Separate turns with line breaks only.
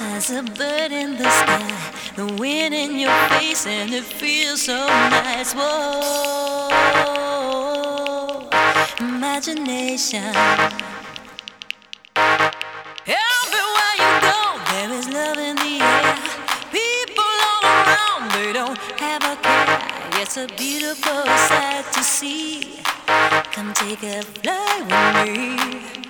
as a bird in the sky, the wind in your face, and it feels so nice. Whoa,
imagination. Everywhere
you go, there is love in the air. People all around, they don't have a care. It's a beautiful sight to see. Come take a flight with me.